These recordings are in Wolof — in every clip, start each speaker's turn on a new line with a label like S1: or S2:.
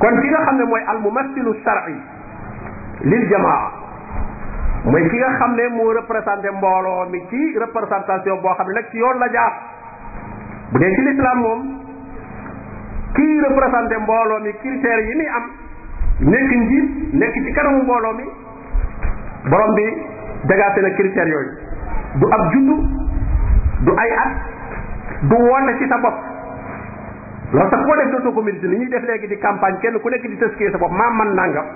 S1: kon ki nga xam ne mooy al mumassilu shar'i
S2: lil jamaa mooy ki nga xam
S1: ne moo représenté mbooloo mi ci représentation boo xam ne nekk ci yoon la jaar bu dee ci l'islam moom kii représenté mbooloo mi critères yi muy am nekk njiit nekk ci kanamu mbooloo mi borom bi dagaase na critères yooyu du ab juddu du ay at du woote ci sa bopp loolu sax koo def dootoo ko mérité li ñuy def léegi di campagne kenn ku nekk di tëskee sa bopp maa man nangam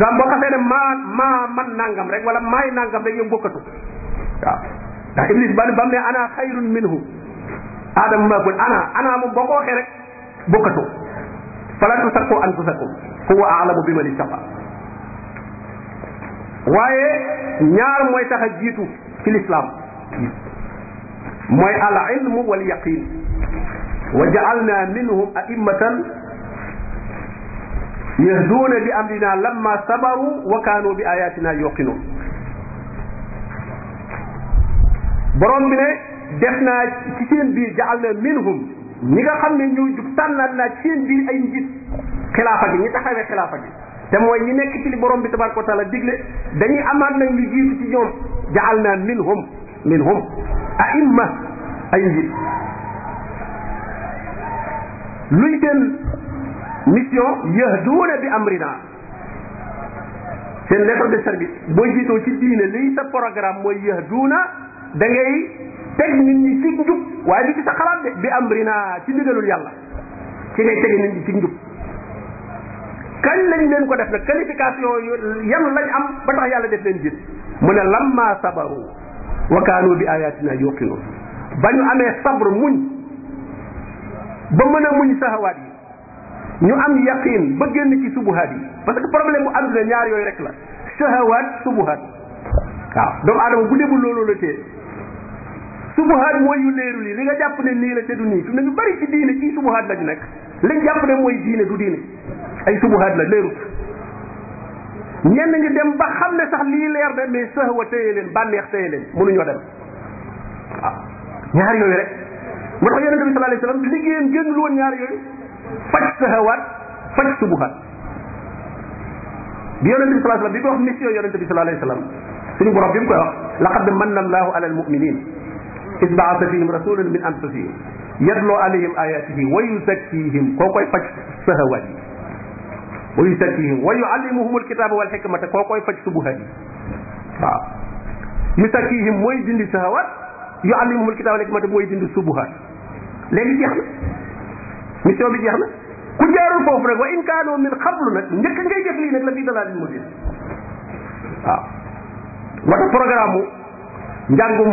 S1: daan boo xasee ne maa maa man nangam rek wala maay nangam rek yow bokkatu waaw ndax iblis ba ba mu ne ana xayrun minhu aadama maa kun ana ana moom boo ko waxee rek bokkatu fala tusakku anfusakum huwa aalamu bi man ittaqa waaye ñaar mooy tax a jiitu ci l'islam mooy al ilmu wal yaqin وجعلنا منهم أئمة يهدون بأمرنا لما صبروا وكانوا بآياتنا يوقنون borom bi ne def naa ci seen biir jaal na minhum ñi nga xam ne ñu jub tànnal naa ci seen biir ay njiit xilaafa gi ñi taxawee xilaafa gi te mooy ñi nekk ci li borom bi tabaraka wa taala digle dañuy amaat nag lu jiitu ci ñoom jaal naa minhum minhum aimma ay njiit luy seen mission yahduuna bi amrina seen lettre de service boo jiitoo ci diine liy sa programme mooy yahduuna da ngay teg nit ñi ci njub waaye du ci sa xalaat de bi amrina ci ndigalul yàlla ci ngay tege nit ñi ci njub kañ lañ leen ko def nag qualification yu yan lañ am ba tax yàlla def leen jiit mu ne lamma sabaru wa kaanu bi ayatina yuqinun ba amee sabr muñ ba mën a muñ saxawaat yi ñu am yaqin ba génn ci subuhaat yi parce que problème bu àdduna ñaar yooyu rek la saxawaat subuhaat waaw doomu aadama bu debul loolu la tee subuhaat mooy yu leerul yi li nga jàpp ne nii la te du nii fi nañu bari ci diine ci subuhaat lañu nekk liñ jàpp ne mooy diine du diine ay subuhaat la leerut ñenn ñi dem ba xam ne sax lii leer da mais saxawa téye leen bànneex téye leen mënuñoo dem waaw ñaar yooyu rek moo tax yonente bi sallallahu alayhi wasallam liggéeyam génn lu woon ñaar yooyu faj sahawaat faj subuhaat bi yonente bi sallallahu alayhi wasallam bi ko wax mission yonente bi sallallahu alayhi wasallam suñu borom bi mu koy wax laqad manna allahu ala almuminin id baasa fihim rasulan min anfusihim yatlu alayhim ayatihi wa yuzakkihim koo koy faj sahawaat yi wa yuzakkihim wa yuallimuhum alkitaba wal hikmata koo koy faj subuhaat yi waaw yuzakkihim mooy dindi sahawaat yuallimuhum alkitaba wal hikmata mooy dindi subuhaat léegi jeex na mission bi jeex na ku jaarul foofu rek wa in kaanoo min xablu nag njëkk ngay def lii nag la fii dalaalin mubin mu njàngum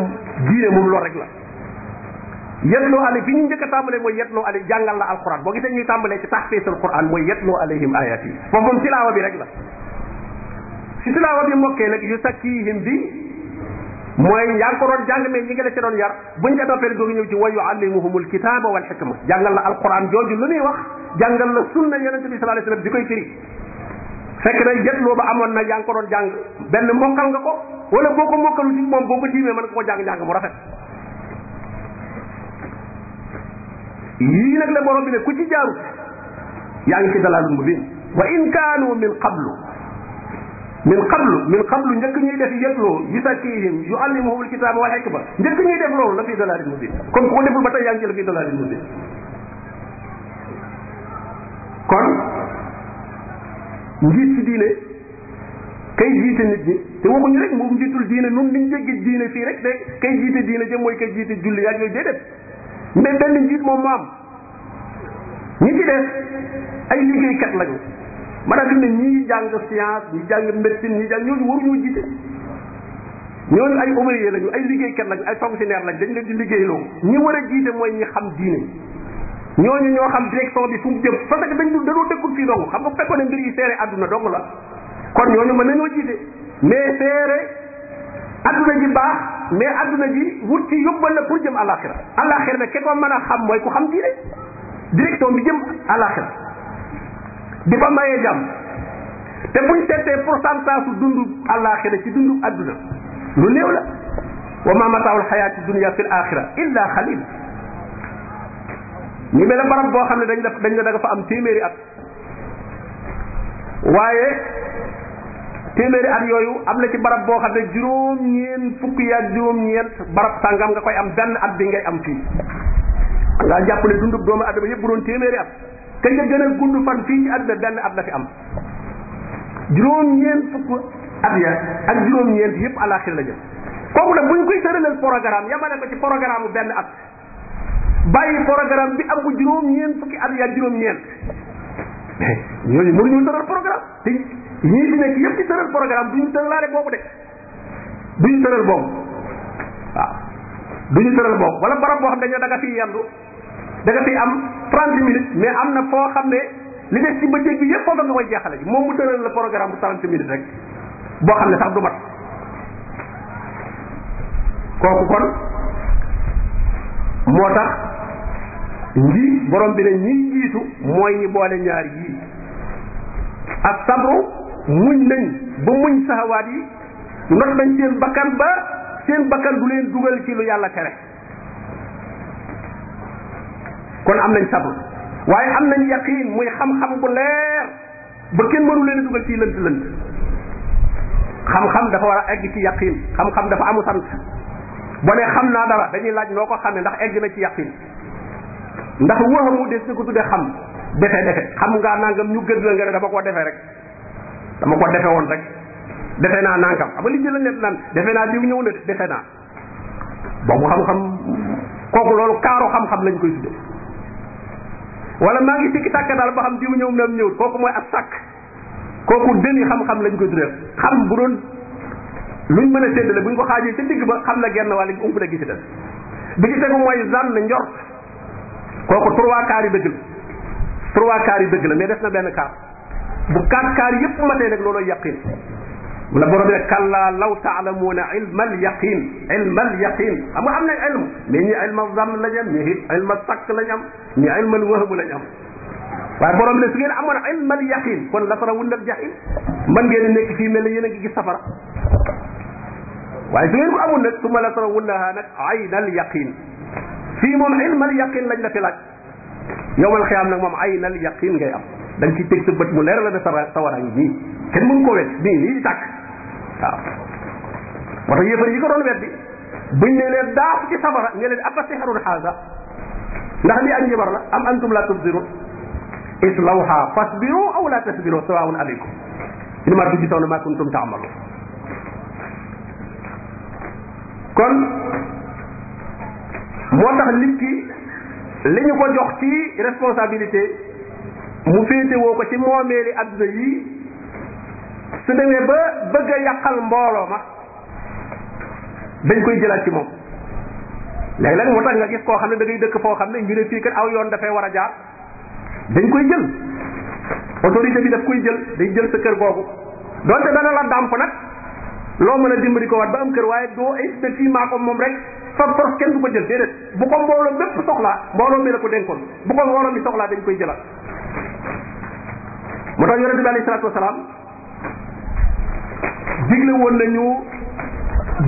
S1: diine moom loolu rek la yetloo ale bi ñu njëkk a tàmbalee mooy yetloo ale jàngal la alquran boo gisee ñuy tàmbalee ci tahfiisul quran mooy yetloo alayhim ayat yi foofu moom tilaawa bi rek la si tilaawa bi mokkee nag yu sakkihim bi mooy yaa ngi ko doon jàng mais ñi ngi la ci doon yar buñ ca noppee doogi ñëw ci wa yuallimuhumul kitaaba wal xikma jàngal la alquran jooju lu wax jàngal la sunna yonente bi sallallahu alayhi wasallam di koy firi fekk na jët loo amoon na yaa ngi benn mokkal nga ko wala boo ko mokkalu ci moom boo ko tiimee mën nga ko jàng jàng mu rafet yii nag la borom bi ne ku ci jaaru yaa ngi ci dalaalul mubin wa in kaanu min qablu min qablu min qablu njëkk ñuy def yëgloo yusakkihim yuallimuhumul kitaaba wal hikma njëkk ñuy def loolu la fii dalaalin mubin kon ku ko deful ba tey yaa ngi ci la fii dalaalin mubin kon njiit ci diine kay jiite nit ñi te waxuñu rek moom njiitul diine nun niñ jéggi diine fii rek de kay jiite diine jëm mooy kay jiite julli yaag yooyu déedéet mais benn njiit moom moo ñi ci def ay liggéeykat lañu maanaam fi mu ne ñii jàng science ñi jàng médecine ñi jàng ñooñu waruñoo jiite ñooñu ay ouvrier lañu ay liggéey kenn lañu ay fonctionnaire lañ dañ leen di liggéeyloo ñi war a jiite mooy ñi xam diine ñooñu ñoo xam direction bi fu mu jëm parce que dañ du dañoo dëkkul fii dong xam nga fekkoon ne mbir yi seere àdduna dong la kon ñooñu mën nañoo jiite mais seere àdduna ji baax mais àdduna ji wut ci yóbbal la pour jëm àllaaxira àllaaxira nag ke ko mën a xam mooy ku xam diine direction bi jëm àllaaxira di fa mayee jàmm te buñ seetee pourcentage su dundu àllaaxira ci dundu adduna lu néew la wa ma mataawul xayaati dunia fi l illa xalil ñu mel ne barab boo xam ne dañ def dañ ne da nga fa am téeméeri at waaye téeméeri at yooyu am na ci barab boo xam ne juróom-ñeent fukk yaat juróom-ñeent barab sàngam nga koy am benn at bi ngay am fii nga jàpp ne dundub doomu adama yëpp doon téeméeri at te nga gën a fan fii ci àdduna benn at la fi am juróom-ñeent fukk at ak juróom-ñeent yépp àllaaxira la jëm kooku nag bu ñu koy tëralal programme yamale ko ci programme benn at bàyyi programme bi am bu juróom-ñeent fukki at ya ak juróom-ñeent ñooñu mënuñu tëral programme te ñii fi nekk yépp ci tëral programme du tëralaale boobu de duñu ñu tëral boobu waaw boobu wala barab boo xam dañoo da nga fiy yendu da nga am 30 minutes mais am na foo xam ne li des ci bëccëg bi yëpp foofa nga koy jeexale ji moom mu tëral la programme bu 30 minutes rek boo xam ne sax du mat kooku kon moo tax njiit borom bi ne ñiy jiitu mooy ñi boole ñaar yii ak sabru muñ nañ ba muñ saxawaat yi not dañ seen bakkan ba seen bakkan du leen dugal ci lu yàlla tere kon am nañ sabr waaye am nañ yaqin muy xam-xam bu leer ba kenn mënu leen dugal ci lënt lënt xam-xam dafa war a egg ci yaqin xam-xam dafa amu sant boo ne xam naa dara dañuy laaj noo ko xamee ndax egg na ci yaqin ndax waxamu des na ko tuddee xam defe defe xam ngaa nangam ñu gën la nga ne dama ko defee rek dama ko defe woon rek defe naa nangam ama li jëla net naan defe naa diw ñëw na defe naa boobu xam-xam kooku loolu kaaru xam-xam lañ koy tuddee wala maa ngi sikki sàkka daal ba xam diw ñëw na am ñëwut kooku mooy ab sàkk kooku dëni xam-xam lañ ko tuddee xam bu doon ñu mën a bu ñu ko xaajee ca digg ba xam la genn wàll gi ump la gisi dal bi ci tegu mooy zann njort kooku trois quarts yi dëgg la trois quarts yi dëgg la mais def na benn quart bu quatre quarts yépp matee nag looloo yàqin la borom ne kalla law taalamuuna ilmal yaqin ilmal yaqin xam nga am nañ ilm mais ñi ilmal zann lañ am ñi ilmal sakk lañ am ñi ilmal wahbu lañ am waaye borom ne su ngeen amoon ilmal yaqin kon la tarawunna al jahim man ngeen nekk fii mel ne yéen a ngi gis safara waaye su ngeen ko amul nag suma la tarawunnaha nag aynal yaqin fii moom ilmal yaqin lañ la fi laaj yowmal xiyaam nag moom aynal yaqin ngay am da nga ciy teg sa bët mu leer la ne sa sawara ngi nii kenn mënu ko wet nii nii di tàkk waaw moo tax yéefar yi ko doon weddi buñ ne leen daaf ci safara ne leen abba sihrun haada ndax am antum la tubsirun islawha fasbiru aw la tasbiru sawaun alaykum innama tujzawna ma kuntum taamalu kon moo tax nit li ñu ko jox ci responsabilité mu féete woo ko ci moomeeli adduna yi su demee ba bëgg a yàqal mbooloo ma dañ koy jëlaat ci moom léeg-léeg moo tax nga gis koo xam ne da ngay dëkk foo xam ne ñu ne fii kat aw yoon dafay war a jaar dañ koy jël autorité bi daf koy jël day jël sa kër googu donte dana la dàmp nag loo mën a dimbali ko waat ba am kër waaye doo ay sa fii maa ko moom rek fa force kenn du ko jël déedéet bu ko mbooloo bépp soxlaa mbooloo mi la ko dénkoon bu ko mbooloo mi soxlaa dañ koy jëlaat moo tax yonente bi digle woon nañu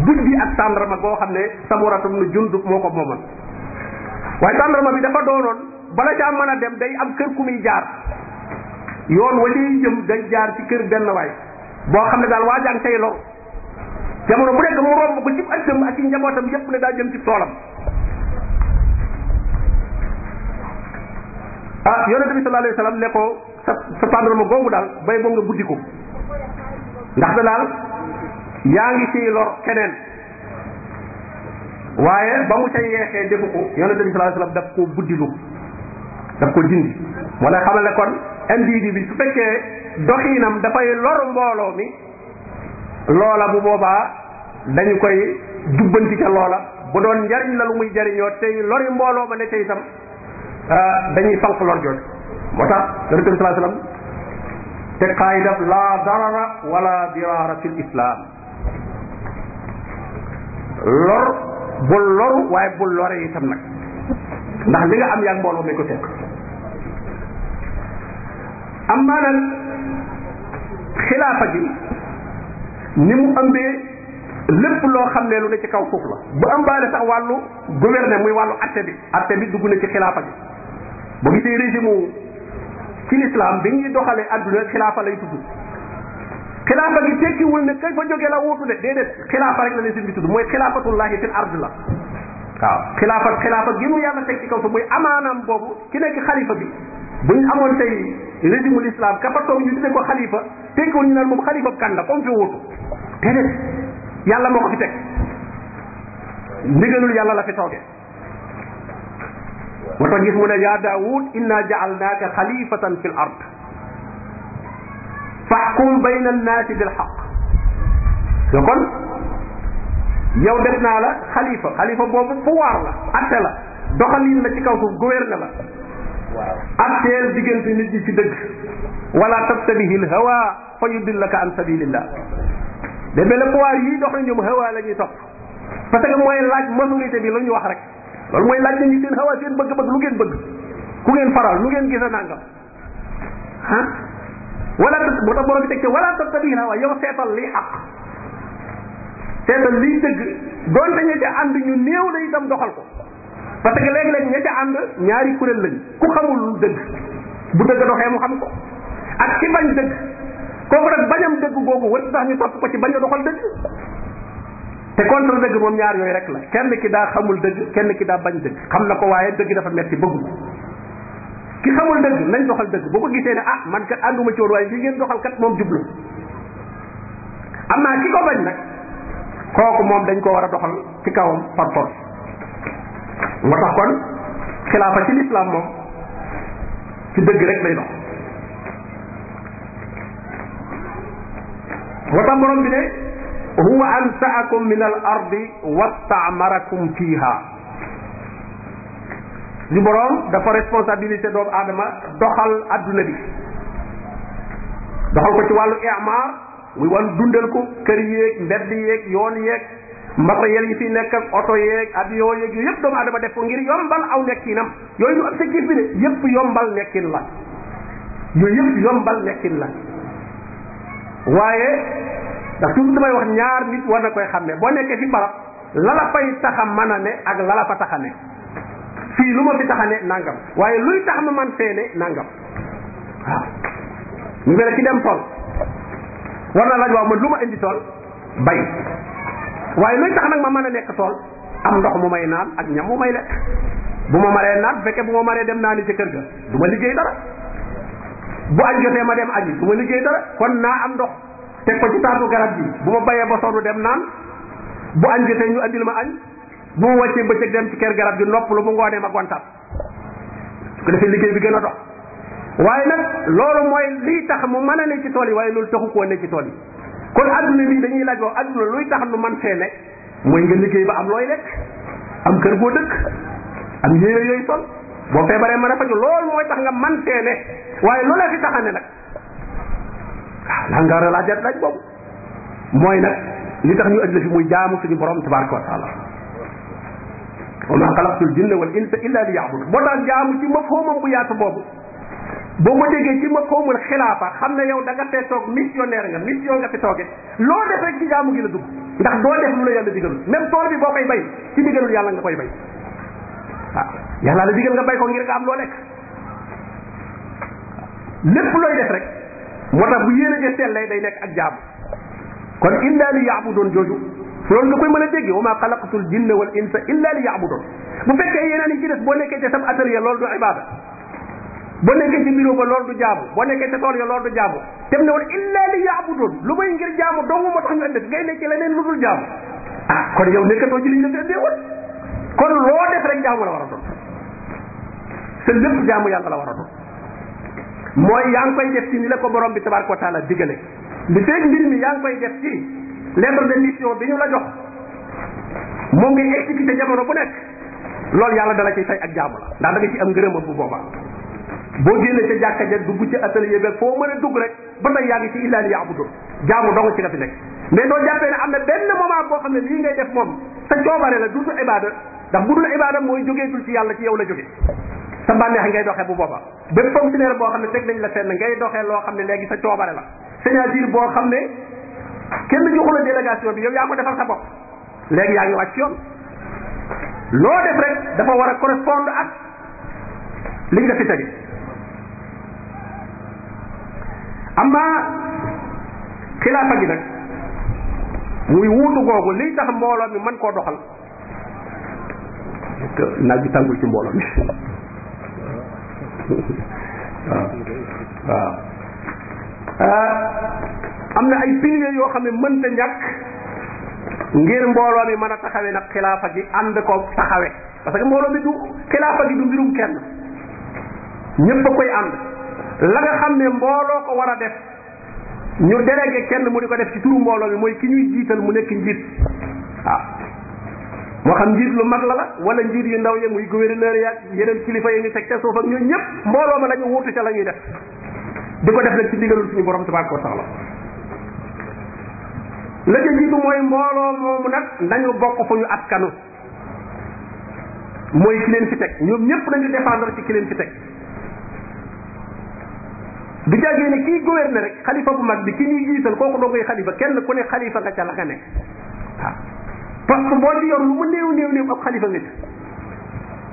S1: buddi ak tàndarma boo xam ne samuratum nu jundub moo ko moomal waaye tàndarma bi dafa doonoon bala caa man a dem day am kër ku muy jaar yoon wa ñuy jëm day jaar ci kër benn waay boo xam ne daal waa jàng tey lor jamono bu nekk mu romb ko cib ëttam ak ci yépp ne daa jëm ci toolam ah yonente bi sallallahu alayhi wasallam ne ko sa tàndarma googu daal bay boo nga buddi ko ndax da daal yaa ngi ciy lor keneen waaye ba mu ca yeexee defu ko yonente bi sallallahu alayhi wasallam daf koo buddilu daf ko dindi wala xamal ne kon individu bi su fekkee doxiinam dafay lor mbooloo mi loola bu boobaa dañu koy jubbanti ca loola bu doon njariñ la lu muy jariñoo tey lori mbooloo ma ne ca itam ah, dañuy fanq lor jooju moo tax yonente bi sallallahu alayhi wasallam te xaayida laa darara wala dirara fil islam lor bu loru waaye bul lore itam nag ndax li nga am yaag mbooloo ma ko teg am maanaam xilaafa gi ni mu ëmbee lépp loo xam ne lu ne ci kaw suuf la bu ëmbaale sax wàllu gouverner muy wàllu atte bi atte bi dugg na ci xilaafa gi boo gisee régime ci lislaam bi ñuy doxalee adduna xilaafa lay tudd xilaafa gi tekkiwul ne kañ fa jógee la wuutu de déedéet xilaafa rek la lay bi tudd mooy xilaafatullahi fil ard la waaw xilaafa xilaafa gi mu yàlla teg ci kaw su muy amaanaam boobu ki nekk xalifa bi buñ amoon tey régime l'islam ka fa toog ñu tuddee ko xalifa tekkiwul ñu naan moom xalifa kan la comme fi wuutu déedéet yàlla moo ko fi teg ndigalul yàlla la fi toogee moo tax gis mu ne yaa daawud inna jaalnaaka xalifatan fi l ard faxkum bayna annaasi bil xaq nga kon yow def naa la xalifa xalifa boobu pouvoir la atte la doxalin la ci kaw suuf gouverne la atteel diggante nit ñi ci dëgg wala tattabihi l hawa fa yudillaka an sabilillah de mel ne pouvoir yii dox na ñoom hawa la ñuy topp parce que mooy laaj majorité bi lu ñu wax rek loolu mooy laaj nañu seen xawaa seen bëgg-bëgg lu geen bëgg ku ngeen faral lu ngeen gisa nangam ah wala moo tax borom bi teg te wala tattabi xawaa yow seetal li xaq seetal liy dëgg doonte ña ca ànd ñu néew la itam doxal ko parce que léeg-léeg ña ca ànd ñaari kuréel lañ ku xamul dëgg bu dëgg doxee mu xam ko ak ci bañ dëgg kooku nag bañam dëgg googu wër tax ñu topp ko ci bañ a doxal dëgg te contre dëgg moom ñaar yooyu rek la kenn ki daa xamul dëgg kenn ki daa bañ dëgg xam na ko waaye dëgg dafa metti bëggu ki xamul dëgg nañ doxal dëgg bu ko gisee ne ah man kat ànduma ci woon waaye lii ngeen doxal kat moom jublu am naa ki ko bañ nag kooku moom dañ ko war a doxal ci kawam par force moo tax kon xilaafa ci lislaam moom ci dëgg rek lay dox moo tax borom bi ne huwa ansaakum min al ardi wastaamarakum fiha ñu boroom dafa responsabilité doomu aadama doxal adduna bi doxal ko ci wàllu imaar muy wàllu dundal ko kër yéeg mbedd yéeg yoon yeeg matériel yi fi nekk ak oto yeeg avion yeeg yooyu yëpp doomu aadama def ko ngir yombal aw nekki yooyu ñu objectif bi de yëpp yombal nekkin la yooyu yëpp yombal nekkin la waaye ndax toujours may wax ñaar nit war na koy xam ne boo nekkee ci barab lala fay taxa mën a ne ak lala fa taxa ne fii lu ma fi taxa ne nangam waaye luy tax ma man fee ne nangam waaw dem tool war na laaj waaw man lu ma indi tool bay waaye luy nag ma mën a nekk tool am ndox mu may naan ak ñam mu may lekk bu ma maree naan bu fekkee bu ma maree dem naa ni ca kër ga du ma liggéey dara bu añ jotee ma dem yi du ma liggéey dara kon naa am ndox teg ko ci taatu garab bi bu ma bayee ba sonn dem naan bu añ jotee ñu andil ma añ bu ma wàccee bëccëg dem ci kër garab gi noppalu bu ngoonee ma gontal su ko defee liggéey bi gën a dox waaye nag loolu mooy liy tax mu mën a nekk ci tool yi waaye loolu taxu ko ne ci tool yi kon adduna bi dañuy lajoo waaw adduna luy tax nu man fee nekk mooy nga liggéey ba am looy lekk am kër goo dëkk am yére yooyu sol boo feebaree mën a faju loolu mooy tax nga man fee ne waaye lu la fi taxane nag waaw la laajaat laaj boobu mooy nag li tax ñu indi la fi muy jaamu suñu borom tabaraka wa taala wa ma xalaqtul jinna wal insa illa li yaabudu boo daan jaamu ci mafhumam bu yaatu boobu boo ko déggee ci mafhumul a xam na yow da fee toog missionnaire nga mission nga fi tooge loo def rek ci jaamu gi la dugg ndax doo def lu la yàlla digalul même tool bi boo koy bay ci ndigalul yàlla nga koy bay waaw yàlla la digal nga bay ko ngir nga am loo lekk def rek moo tax bu yéene ja sellee day nekk ak jaamu kon illa li yaabudoon jooju loolu nga koy mën a déggee wa maa xalaqatul jinna wal insa illa li yaabudoon bu fekkee yeneen yi ci des boo nekkee ca sam atelier loolu du ibaada boo nekkee ci bureau ba loolu du jaamu boo nekkee ca tool ya loolu du jaamu dem ne woon illa li yaabudoon lu may ngir jaamu dong moo tax ñu andi ngay nekk leneen lu dul jaamu ah kon yow nekkatoo ci liñ la tëddee woon kon loo def rek jaamu la war a doon sa lépp jaamu yàlla la wara doon mooy yaa ngi koy def ci ni la ko borom bi tabaraka ko taala digale li feeg mbir mi yaa ngi koy def ci lettre de mission bi ñu la jox moom ngay exécuté jamono bu nekk loolu yàlla dala ciy fay ak jaamu la ndax da nga ci am ngërëma bu boobaa boo génne ca jàkka ja dugg ci atelier bi foo mën a dugg rek ba tey yaa ngi ci illaa li yaabudu jaamu dong ci nga fi nekk mais doo jàppee ne am na benn moment boo xam ne lii ngay def moom sa coobare la dul ibaada ndax bu dul ibaada mooy jógeetul ci yàlla ci yow la jóge sa bànneex ngay doxee bu booba bépp fonctionnaire boo xam ne teg nañ la fenn ngay doxee loo xam ne léegi sa coobare la cest à boo xam ne kenn joxu la bi yow yaa ko defal sa bopp léegi yaa ngi wàcc yoon loo def rek dafa war a correspondre ak liñ la fi tegi amma xilaafa gi nag muy wuutu googu liy tax mbooloo mi mën koo doxal naaj bi tàngul ci
S2: mbooloo mi waaw ah. waaw ah.
S1: am na ay piliers yoo xam ne mënta ñàkk ngir mbooloo mi mën a taxawee nag xilaafa gi ànd ko taxawe parce que mbooloo mi du xilaafa gi du mbirum kenn ñëpp a koy ànd la nga xam ne mbooloo ko war a def ñu délégué kenn mu di ko def ci turu mbooloo mi mooy ki ñuy jiital mu nekk njiit waaw ah. moo xam njiit lu mag la la wala njiit yu ndaw ya muy gouverneur ya yeneen kilifa yi ñu teg ca suuf ak ñooñu ñëpp mbooloo ma la ñu wuutu ca la ñuy def di ko def nag ci digalul suñu borom tabaraka wa taala la ca mooy mbooloo moomu nag nañu bokk fu ñu askanu mooy ki leen fi teg ñoom ñëpp nañu défendre ci ki leen fi teg du jàggee ne kii gouverneur rek xalifa bu mag bi ki ñuy jiital kooku doo koy xalifa kenn ku ne xalifa nga ca la nga nekk parce que boo ci yor lu mu néew néew néew ab xalifa nga ci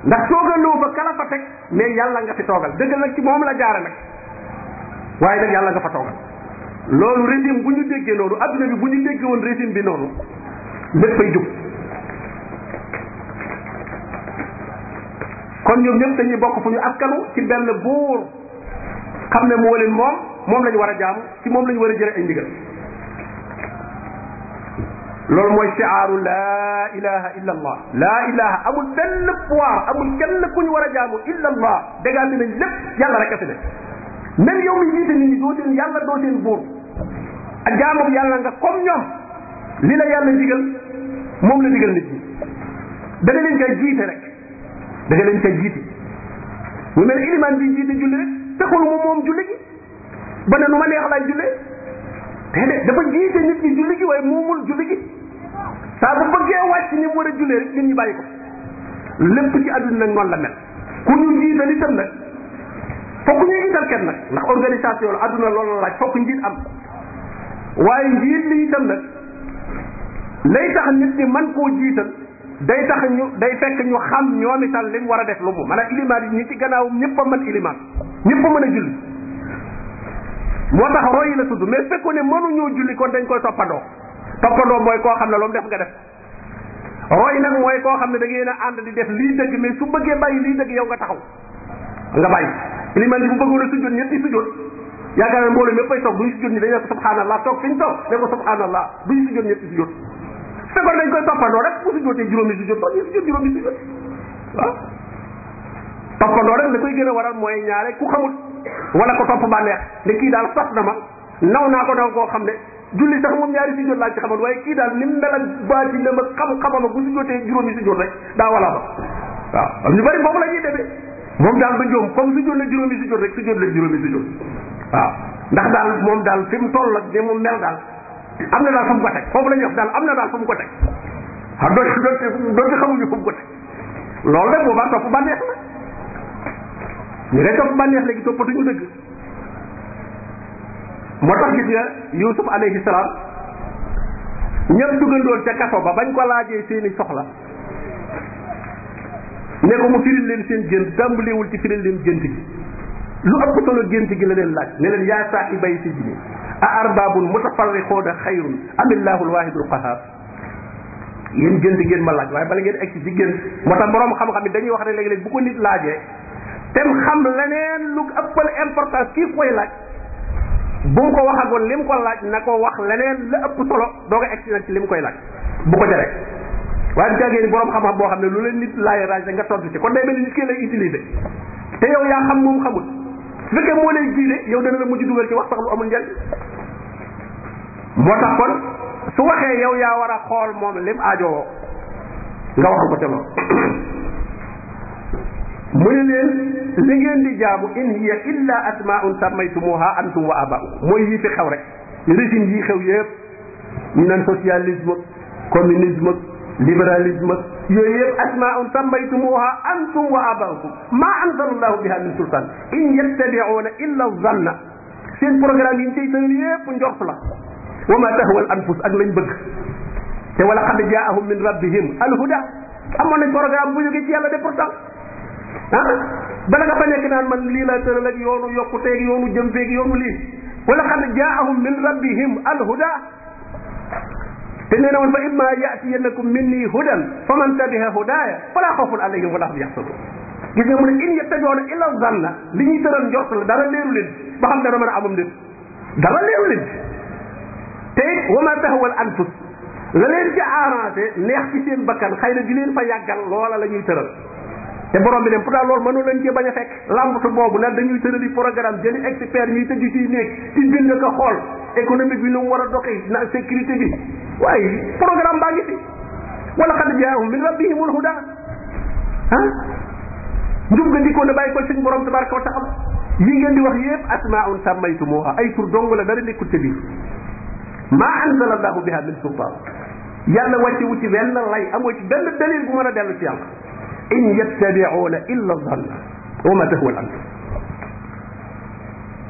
S1: ndax toogaloo ba kala fa teg mais yàlla nga fi toogal dëgg nag ci moom la jaare nag waaye nag yàlla nga fa toogal loolu régime bu ñu déggee noonu adduna bi bu ñu déggee woon régime bi noonu léppay jub kon ñoom ñëpp dañuy bokk fu ñu askanu ci benn buur xam ne moo leen moom moom la war a jaamu ci moom la war a jëlee ay ndigal loolu mooy chiaaru laa ilaha illa allah laa ilaha amul benn pouvoir amul kenn ku ñu war a jaamu illa allah dégagé nañ lépp yàlla rek a fi ne même yow mi jiite nit ñi doo seen yàlla doo seen buur ak jaamu yàlla nga comme ñoom li la yàlla digal moom la digal nit ñi da nga leen koy jiite rek da nga leen koy jiite mu mel ilimaan bi jiite julli rek taxul mu moom julli gi ne nu ma neex laay jullee déedéet dafa jiite nit ñi julli gi waaye moomul julli gi saa bu bëggee wàcc ni war a jullee rek nit ñi bàyyi ko lépp ci àdduna nag noonu la mel ku ñu jiital itam nag fokk ñuy jiital kenn nag ndax organisation la àdduna loolu la laaj fokk njiit am waaye njiit li itam nag lay tax nit ñi man koo jiital day tax ñu day fekk ñu xam ñoom itam li mu war a def lu mu mën a ilimaan yi ñi ci gannaaw ñëpp man mën ilimaan ñëpp a mën a julli moo tax roy la tudd mais fekkoon ne mënuñoo julli ko dañ koy toppadoo toppandoo mooy koo xam ne lu mu def nga def roy nag mooy koo xam ne da ngeen a ànd di def lii dëgg mais su bëggee bàyyi lii dëgg yow nga taxaw nga bàyyi liman bi bu bëggoon a sujjóot ñëpp di sujjóot yaakaar naa mbooloo mépp ay toog duñu sujjóot ñi dañ ne ko subhanallah toog fi ñu ne ko subhanallah sujjóot ñëpp di sujjóot su fekkoon dañ koy toppandoo rek bu sujjóotee juróomi sujjóot toog ñu sujjóot juróomi sujjóot waaw toppandoo rek da koy gën a waral mooy ñaare ku xamut wala ko topp bànneex ne kii daal sax na ma naw naa ko naw koo xam ne julli sax moom ñaari sujjóot laa ci xamal waaye kii daal ni mel ak baati ma xam-xamama bu ñu jotee juróomi sujjóot rek daa walaa ba waaw ñu bari moom la ñuy demee moom daal ba joom comme sujjóot la juróomi sujjóot rek sujjóot la juróomi sujjóot waaw ndax daal moom daal fi mu toll nag ni mu mel daal am na daal fu mu ko teg foofu la ñuy wax daal am na daal fu mu ko teg ah doonte doonte xamuñu fu mu ko teg loolu nag boobaa topp bànneex la ñu ne topp bànneex léegi toppatuñu dëgg moo tax gis nga yusuf alayhi salaam ñëpp dugandoon ca kaso ba bañ ko laajee seeni soxla ne ko mu firil leen seen gént tàmbaliwul ci firil leen gént gi lu ëpp solo gént gi la leen laaj ne leen yaa saahibay sijni a arbaabun mutafarriquuna xayrun amillaahu alwaahidul qahaar yéen gént ngeen ma laaj waaye bala ngeen egsi ci gént moo tax boroom xam-xam yi dañuy wax ne léegi-léeg bu ko nit laajee tem xam leneen lu ëppal importance kii koy laaj bu mu ko waxagoon li mu ko laaj na ko wax leneen la ëpp solo doog a egsi nag ci li mu koy laaj bu ko tere waaye bu jàggee ni borom xam boo xam ne lu leen nit laaj raaj nga tontu ci kon day mel ni nit ki lay utiliser te yow yaa xam moom xamul su fekkee moo lay jiite yow dana la mujj dugal ci wax sax lu amul njëriñ moo tax kon su waxee yow yaa war a xool moom lim aajowoo nga wax ko ca mu ne leen li ngeen di jaamu in hiya illa asmaun sammaytumuha antum wa aba'ukum mooy yii fi xew rek régime yii xew yépp ñu naan socialisme communisme libéralisme yooyu yëpp asmaun sammaytumuha antum wa aba'ukum maa anzalallahu biha min sultan in yattabi'una illa zanna seen programme yi ñu tey tëral yépp njort la wa ma tahwa al anfus ak lañ bëgg te wala qad jaahum min rabbihim al huda amoon nañ programme bu jógee ci yàlla de pourtant ah bala nga fa nekk naan man lii laa tëral ak yoonu yokkuteeg yoonu jëm feeg yoonu lii wala xam ne jaahum min rabbihim alhuda te nee na woon fa imma yatiyannakum minni hudan fa man tabiha hudaya fala xawfun alayhim wala hum yaxsabun gis nga mu ne in yattabi'una illa zanna li ñuy tëral njort la dara leeru leen ba xam dara mën a amam leen dara leeru leen te wa ma tahwal anfus la leen ca arrangé neex ci seen bakkan xëy na di leen fa yàggal loola la ñuy tëral te borom bi ne pourtant loolu mënu leen cee bañ a fekk lambatu boobu nag dañuy tërali programme jëli expert ñuy tëju ci néeg ci bind ko xool économique bi nu mu war a doxee na sécurité bi waaye programme baa ngi fi wala xad jaahum min rabbihimul huda ah njub nga ndikoo ne bàyyi ko suñ borom tabaraka wa taala yi ngeen di wax yépp asmaun sàmmaytumuha ay tur dong la dara nekkul ca biir maa anzala allahu biha min sultaan yàlla wàcce wu ci benn lay amoo ci benn dalil bu mën a dellu ci yàlla in yattabi'una illa zann wa ma tahwa al-anfus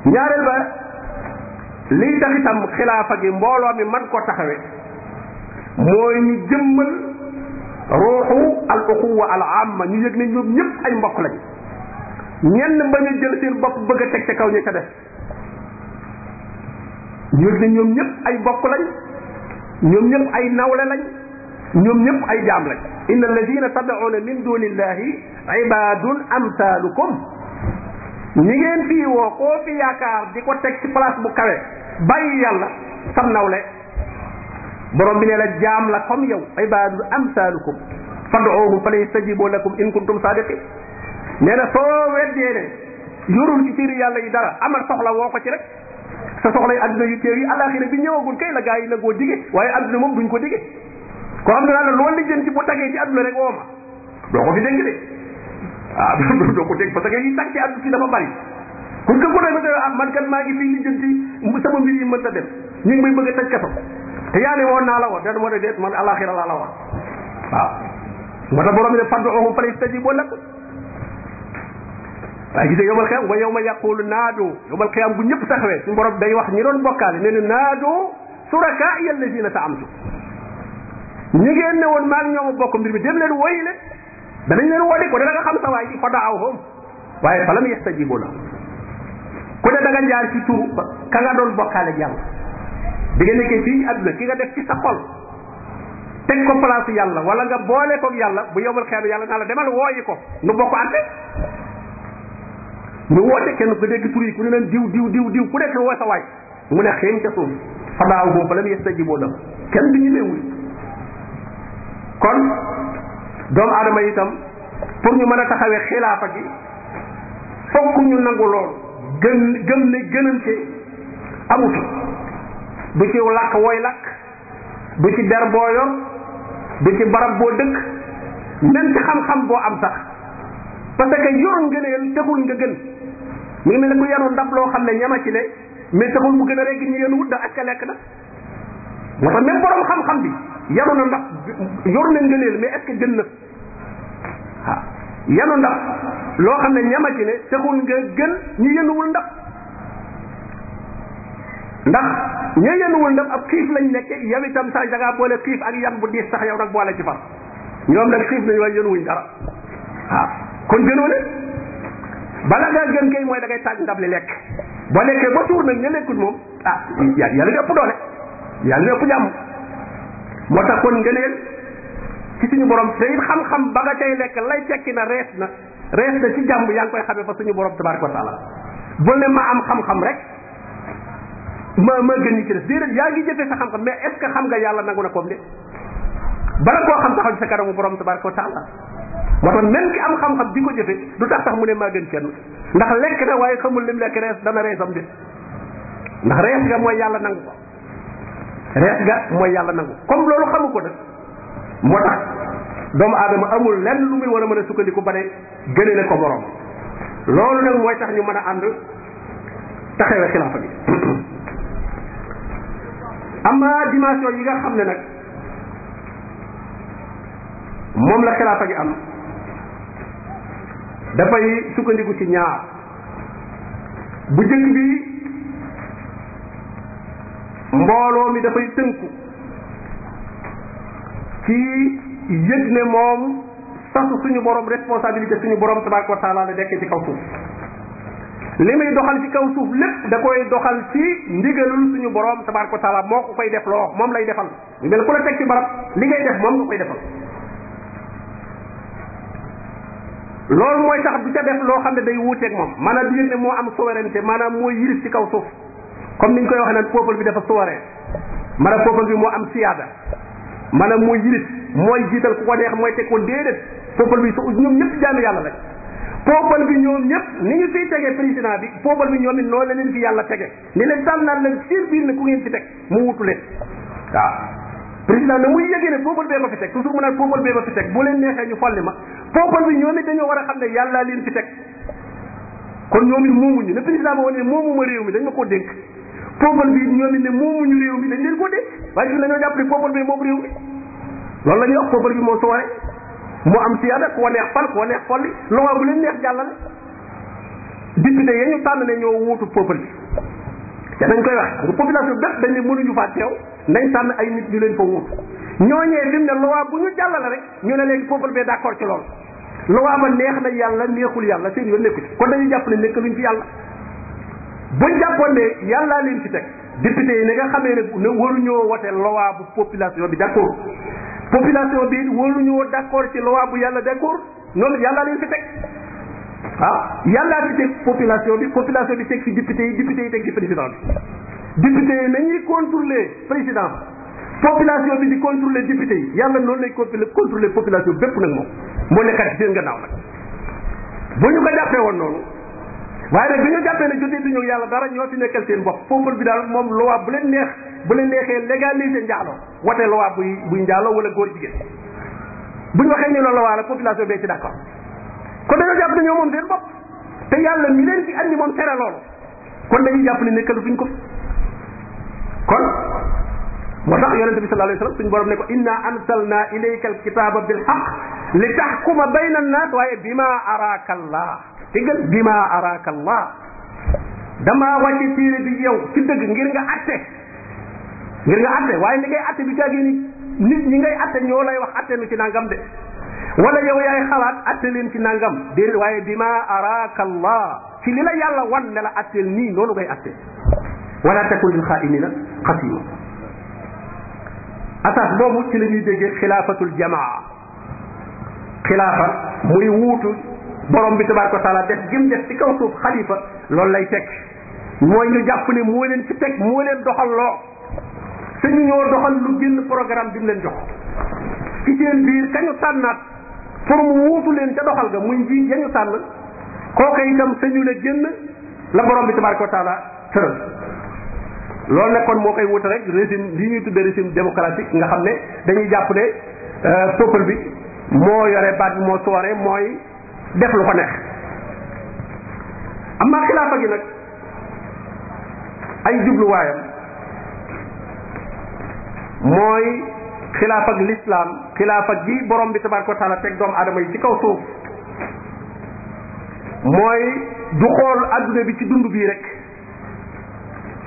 S1: ñaareel itam xilaafa gi mbooloo mi man ko taxawe mooy ñu jëmmal ruuxu al uxuwa al amma ñu yëg ne ñoom ñëpp ay mbokk lañ ñenn bañ a jël seen bopp bëgg teg ci kaw ñu ca def ñu yëg ne ñoom ñëpp ay mbokk lañ ñoom ñëpp ay nawle lañ ñoom ñëpp ay jaam lañ inna alladina tad'una min dunillahi ibadun amsalukum ñi ngeen fii woo koo fi yaakaar di ko teg ci place bu kawe bàyyi yàlla sam nawle borom bi ne la jaam la comme yow ibadun amsalukum fad'uhum falyastajibu lakum in kuntum sadiqin nee na soo weddee ne yorul ci ciri yàlla yi dara amal soxla woo ko ci rek sa soxla yi adduna yu teew yi alaxira bi ñëwagul kay la gaa yi nagoo dige waaye adduna moom duñ ko dige ko xam na daal loolu lijjanti bu tagee ci àdduna rek woo ma doo ko fi dénk de ah doo ko dénk parce que yi tag ci àdduna si dafa bari pour que ku ne ma ah man kat maa ngi fii lijjanti sama mbir yi mën ta dem ñu ngi may bëgg a taj kaso te yaa ne woon naa la wax da ma ne déet man alaxira laa la wax waaw moo tax borom ne fad'uhum falyastajibuu lakum waaye gisee yowmal xiyam wa yowma yaqulu naadu yowmal xiyam bu ñëpp taxawee suñu borom day wax ñi doon bokkaale nee na naadu shurakaa'iyal lazina za'amtum ñi ngeen ne woon maa ngi ñoom bokk mbir mi dem leen woyi leen danañ leen woo de ko de da nga xam sa waay ji fa daaw waaye falam yastajibu la ku ne da nga jaar ci turu ka nga doon bokkaale yàlla bi nga def ci sa xol teg ko place yàlla wala nga boole koog yàlla bu yobal xeetu yàlla naa la demal ko nu bokk àtte ñu kenn ku dégg tur ku ne leen diw diw diw diw ku nekk woo sa mu ne xeeñ ca suuf fa daaw hom falam yastajibu la kenn du ñu ne kon doomu aadama itam pour ñu mën a taxawee xilaafa gi fokk ñu nangu lool gën gëm ne gënante amutu du ci làkk wooy làkk bu ci der boo yor du ci barab boo dëkk même ci xam-xam boo am sax parce que yor ngëneel taxul nga gën mu ngi mel ne ku yenu ndab loo xam ne ñama ci ne mais taxul mu gën a rek ñu yenu da ak lekk na moo tax même borom xam-xam bi yanu na ndax yor na ngëneel mais est-ce que gën na waaw yanu ndax loo xam ne ñama ci ne taxul nga gën ñu yenuwul ndax ndax ña yenuwul ndax ab xiif lañ nekk yow itam sax da boole xiif ak yan bu diis sax yow nag boole ci far ñoom nag xiif nañu waaye yenuwuñ dara waaw kon gënoo leen ngaa gën kay mooy da ngay tàgg ndab li lekk boo lekkee ba tuur nag ña lekkul moom ah yàlla ëpp doole yàlla ëpp jàmm moo tax kon ngëneel ci suñu borom te it xam-xam ba nga cay lekk lay tekki na rees na rees na ci jàmb yaa ngi koy xamee fa suñu borom tabaraka wa taala bul ne ma am xam-xam rek ma ma gën ñi ci des déedéet yaa ngi jëfee sa xam-xam mais est ce xam nga yàlla nangu na koom de bala koo xam a ci sa kanamu borom tabaraka wa taala moo tax même ki am xam-xam di ko jëfe du tax sax mu ne maa gën kenn ndax lekk na waaye xamul lim lekk rees dana reesam de ndax rees nga mooy yàlla nangu ko reet ga mooy yàlla nangu comme loolu xamu ko nag moo tax doomu aadama amul lenn lu muy war a mën a sukkandiku ba ne gëne ne ko borom loolu nag mooy tax ñu mën a ànd taxawee xilaafa bi amma dimension yi nga xam ne nag moom la xilaafa gi am dafay sukkandiku ci ñaar bu jëkk bi mbooloo mi dafay tënku ci yëg ne moom sasu suñu borom responsabilité suñu borom tabaraka wa taala la dekkee ci kaw suuf li muy doxal ci kaw suuf lépp da koy doxal ci ndigalul suñu borom tabaraka wa taala moo ko koy def loo moom lay defal mel ku la teg ci barab li ngay def moom nga koy defal loolu mooy tax du ca def loo xam ne day wuuteeg moom maanaam du yëg ne moo am souveraineté maanaam mooy yilif ci kaw suuf comme ni ñu koy waxee nag peuple bi dafa sooree maanaam peuple bi moo am siyaada maanaam mooy yilit mooy jiital ku ko neex mooy teg ko déedéet peuple bi so ñëpp jaami yàlla lañ peuple bi ñoom ñëpp ni ñu fiy tegee président bi peuple bi ñoom it noonu la leen yàlla tege ni leen tànnal leen ku ngeen ci teg mu wutu leen waaw président na ne peuple bee ma fi teg toujours mu naan peuple bee teg bu leen neexee ñu folli ma peuple bi ñoom it a xam ne yàllaa leen fi teg kon ñoom it moomuñu ne président ba wane ne moomu ma réew mi dañ ma koo dénk peuple bi ñoom it ne moomuñu réew mi dañ leen ko dénk waaye ñun dañoo jàpp ne peuple bi moom réew mi loolu la ñuy wax peuple bi moo soore moo am siyaada koo neex fal koo neex folli loi bu leen neex jàllale député ya ñu tànn ne ñoo wuutu peuple bi te dañ koy wax nga population bépp dañ ne mënuñu faa teew nañ tànn ay nit ñu leen fa wuutu ñooñee lim ne loi bu ñu jàllale ñu ne léegi peuple bi d'accord ci loolu loi ba neex na yàlla neexul yàlla seen yoon nekku ci kon dañuy jàpp ne nekk luñ fi yàlla buñ jàppoon ne yàllaa leen ci teg député yi ni nga xamee ne waruñoo wote loi bu population bi d'accord population bi waruñoo d'accord ci loi bu yàlla d'accord noonu yàllaa leen fi teg ah yàllaa fi teg population bi population bi teg ci député yi député yi teg ci président bi député yi nañuy contrôler président population bi di contrôler député yi yàlla noonu lay contrôler contrôler population bépp nag moom moo nekkat ci seen gannaaw nag bu ñu ko jàppee woon noonu waaye bi dañoo jàppee ne jotee duñu yàlla dara ñoo fi nekkal seen bopp peuple bi daal moom loi bu leen neex bu leen neexee légaliser njaalo wote loi buy buy njaalo wala góor jigéen buñ waxee ñu la loi la population bee ci d'accord kon dañoo jàpp ne ñoo moom seen bopp te yàlla mi leen fi andi moom tere loolu kon dañuy jàpp ne nekkalu fuñ ko kon moo tax yonente bi sallallahu alayhi wasallam suñu borom ne ko inna anzalna ilayka alkitaba bilhaq li tahkuma bayna annas waaye bima araka déggal bima araka allah dama wàcce téere bi yow ci dëgg ngir nga atte ngir nga atte waaye li ngay atte bi caagee ni nit ñi ngay atte ñoo lay wax atte nu ci nangam de wala yow yaay atte leen ci nangam déedéet waaye bima araka allah li la yàlla wan ne la atteel nii noonu ngay atte wala takun lil xaainina xasima asaas boobu la ñuy déggee wuutu borom bi tabaraka wa taala def gim def ci kaw suuf xalifa loolu lay teg mooy ñu jàpp ne moo leen ci teg moo leen doxal loo suñu ñoo doxal lu génn programme bi mu leen jox ci seen biir kañu tànnaat pour mu wuutu leen ca doxal ga muy njiit ya ñu tànn kooka itam sañu la génn la borom bi tabaraka wa taala tëral loolu moo koy wute rek régime li ñuy tuddee régime démocratique nga xam ne dañuy jàpp ne euh, peuple bi moo yore baat bi moo soore mooy def lu ko neex am naa xilaafa gi nag ay jubluwaayam mooy xilaaf ak lislaam xilaaf ak gi boroom bi tabaraka wa taala teg doomu aadama yi ci kaw suuf
S2: mooy du xool
S1: adduna bi ci dund bii rek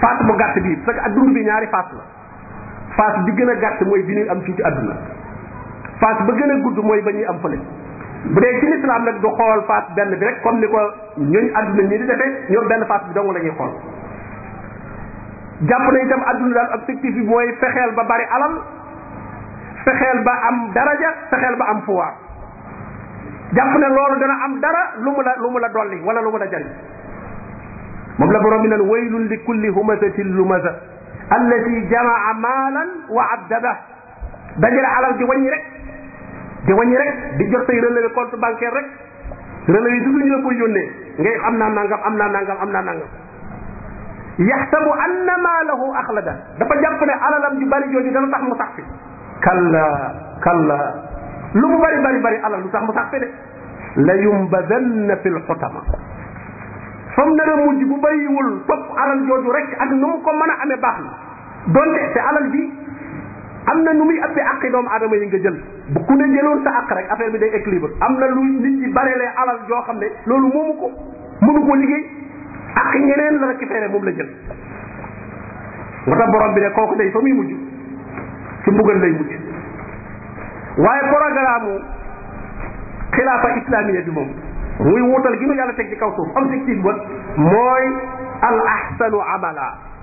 S1: faas mu gàtt bii parce que dund bi ñaari faas la faas bi gën a gàtt mooy bi ñuy am fii ci adduna faas ba gën a gudd mooy ba ñuy am fële bu dee ci lislaam nag du xool face benn bi rek comme ni ko ñun adduna ñi di defee ñoom benn face bi dong la ñuy xool jàpp na itam adduna daal objectif bi mooy fexeel ba bari alal fexeel ba am daraja fexeel ba am pouvoir jàpp ne loolu dana am dara lu mu la lu mu la dolli wala lu mu la jariñ moom la borom bi naan waylun li kulli humazatin lumaza allati jamaa maalan wa addada dajale alal ji wañ rek di wàññi rek di jot say relevé compte bancaire rek relevé yi ñu la koy yónnee ngay am naa nangam am na nangam am naa nangam yaxsabu anna maalahu axlada dafa jàpp ne alalam ju bari jooju dana tax mu sax fi kalla kalla lu mu bari bari bari alal lu tax mu sax fi de la yumbadanna fi lxutama fa mu nana mujj bu bàyyiwul topp alal jooju rek ak nu mu ko mën a amee baax na donte te alal bi am na nu muy ëppee àqi doomu aadama yi nga jël bu ku ne jëloon sa àq rek affaire bi day équilibre am na lu nit ñi bareelee alal joo xam ne loolu moomu ko mënu ko liggéey àqi ñeneen la récupéré moom la jël moo tax bi ne kooku day fa muy mujj ci mbugal lay mujj waaye programme xilaafa islamiya bi moom muy wuutal gi nu yàlla teg ci kaw suuf objectif ba mooy al ahsanu amala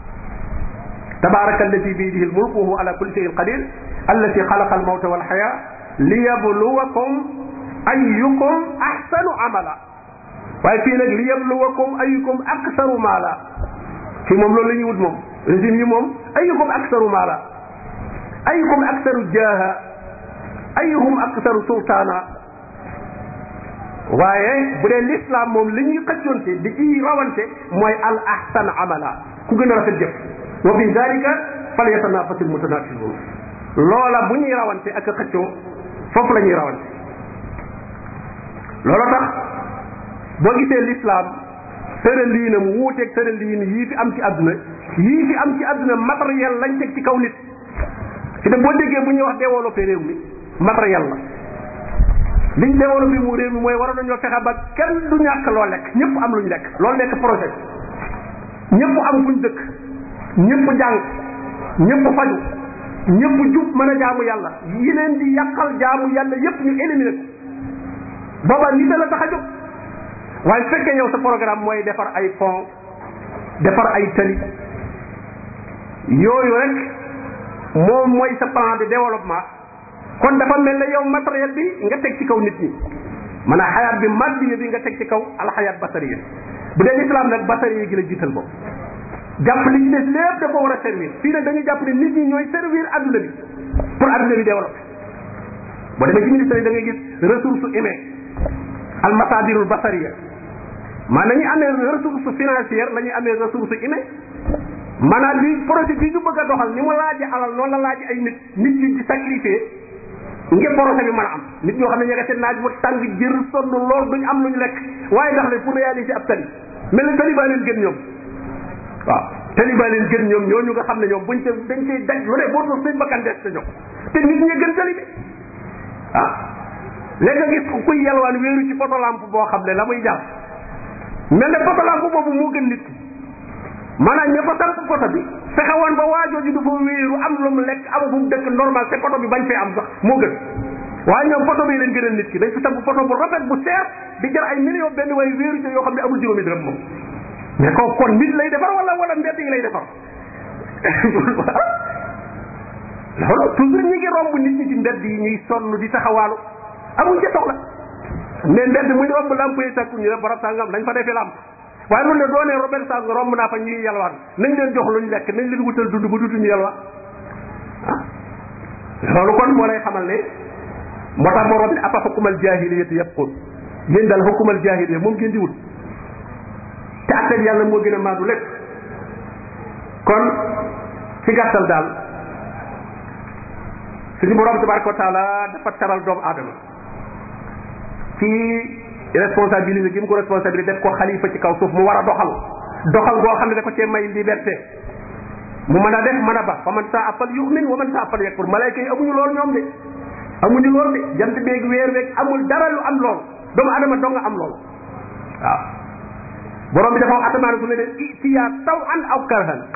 S1: tabaraka alladi bi yadihi almulku wa huwa ala kulli shay'in qadir allati xalaqa almawta wal xayaa liyabluwakum ayyukum ahsanu amala waaye fii nag liyabluwakum ayyukum aksaru maala fii moom loolu la ñuy wut moom régime yi moom ayyukum aksaru maala ayyukum aksaru jaaha ayyuhum aksaru sultaana waaye bu dee l'islam moom li ñuy xëccoonte di ci rawante mooy al ahsan amala ku gën a rafet jëf wa fi dalika falyatanafasil mutanafisun loola bu ñuy rawante ak a xëccoo foofu la ñuy rawante loolu tax boo gisee lislaam tëraliinam wuuteeg tëraliin yii fi am ci àdduna yii fi am ci àdduna matériel lañ teg ci kaw nit ci de boo déggee bu ñuy wax développé réew mi matériel la liñ développé mu réew mi mooy waroon nañoo fexe ba kenn du ñàkk loo lekk ñëpp am lu ñu lekk loolu nekk projet ñëpp am fuñ dëkk ñëpp jàng ñëpp faju ñëpp jub mën a jaamu yàlla yi leen di yàqal jaamu yàlla yépp ñu éliminé booba nit la tax a jóg waaye fekkee yow sa programme mooy defar ay pont defar ay tali yooyu rek moom mooy sa plan de développement kon dafa mel na yow matériel bi nga teg ci kaw nit ñi maanaam xayaat bi maddiya bi nga teg ci kaw alxayaat basariya bi bu dee islam nag basariya gi la jiital boobu jàpp li ñu def lépp da ko war a servir fii nag dañuy jàpp ne nit ñi ñooy servir adduna bi pour adduna bi développé boo demee ci ministère yi da ngay gis ressource humaine al masadirul basariya maa nañu amee ressource financière la ñuy amee ressource humaine maanaam li projet bi ñu bëgg a doxal ni laaj laaji alal noonu la laaji ay nit nit ñi di sacrifié ngir projet bi mën a am nit ñoo xam ne ña nga seen naaj bu tàng jër sonn lool duñ am luñ lekk waaye dax la pour réaliser ab tali mel ni tali baa leen waaw taliba leen gën ñoom ñooñu nga xam ne ñoom buñ ca dañ cay daj lu boo toog seen bakkan des ca ñoom te nit ñi gën talibe ah léegi nga gis ku kuy yalwaan wéeru ci potolamp boo xam ne la muy jàpp mel ne potolamp boobu moo gën nit maanaam ña fa samp poto bi fexewoon ba waajoo ji du fa wéeru am lu mu lekk ama fu mu dëkk normal te poto bi bañ fee am sax moo gën waaye ñoom poto bi leen gënal nit ki dañ fi samp poto bu rafet bu seer di jar ay millions benn way wéeru ci yoo xam ne amul juróomi dërëm moom mais ko kon nit lay defar wala wala mbedd yi lay defar loolu toujours ñi ngi romb nit yi ñuy sonn di taxawaalu amuñ ca soxla mais mbedd muy romb lamp yi takku ñu ne barab sàngam nañ fa defee lamp waaye loolu ne doo romb naa fa ñuy yalwaan nañ leen jox luñ lekk nañ leen wutal dund ba dutuñu yalwaan ah loolu kon moo lay xamal ne moo tax borom ne apa xukumal jaahiliyati yëpp yéen daal xukumal jaahiliya moom ngeen di wut te àtteeg yàlla moo gën a maandu lépp kon ci gàttal daal suñu borom tabaraka wa taala dafa taral doomu aadama ci responsabilité gi mu ko responsabilité def ko xalifa ci kaw suuf mu war a doxal doxal goo xam ne dafa ko cee may liberté mu mën a def man a ba fa man saa appal yu'min wa man saa appal yakfur malayka yi amuñu lool ñoom de amuñu lool de jant beeg weer weeg amul dara lu am lool doomu adama dong nga am lool waaw borom bi dafa am asamaan su ne de itiyaa taw an aw karhan